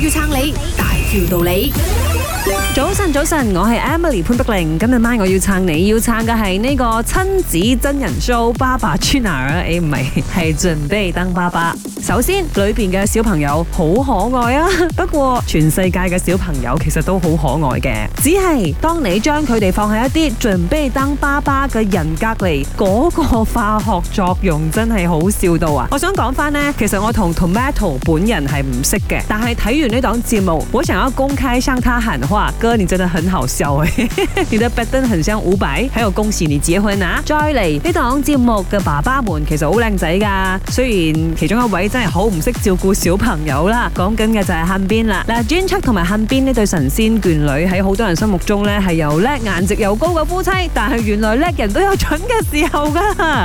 要撐你，大條道理。早晨，早晨，我係 Emily 潘碧玲。今日晚我要撐你，要撐嘅係呢個親子真人 show《爸爸 Tuner，誒唔係，係準備當爸爸。首先裏邊嘅小朋友好可愛啊，不過全世界嘅小朋友其實都好可愛嘅，只係當你將佢哋放喺一啲準備當爸爸嘅人隔籬，嗰個化學作用真係好笑到啊！我想講翻呢，其實我同 Tomato 本人係唔識嘅，但係睇完。呢檔節目，我想要公開向他喊話：哥，你真的很好笑誒！你的拜登很像伍佰，還有恭喜你結婚啊，Joyly！再嚟。呢檔節目嘅爸爸們其實好靚仔噶，雖然其中一位真係好唔識照顧小朋友啦。講緊嘅就係漢邊啦。嗱 j u 同埋漢邊呢對神仙眷侶喺好多人心目中呢係又叻顏值又高嘅夫妻，但係原來叻人都有蠢嘅時候噶。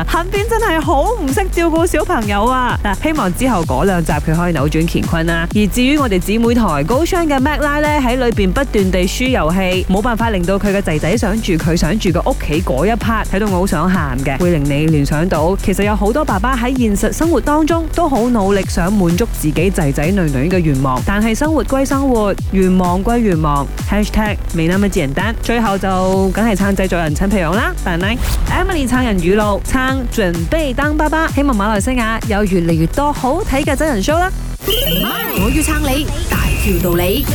漢邊真係好唔識照顧小朋友啊！嗱，希望之後嗰兩集佢可以扭轉乾坤啦、啊。而至於我哋每台高商嘅 Mac 拉咧喺裏邊不斷地輸遊戲，冇辦法令到佢嘅仔仔想住佢想住嘅屋企嗰一 part，睇到我好想喊嘅，會令你聯想到，其實有好多爸爸喺現實生活當中都好努力想滿足自己仔仔女女嘅願望，但係生活歸生活，願望歸願望，#Hashtag 未那麼簡單，最後就梗係撐製作人陳培勇啦，但係 Emily 撐人語錄，撐準備當爸爸，希望馬來西亞有越嚟越多好睇嘅真人 show 啦。我要撐你，大條道理。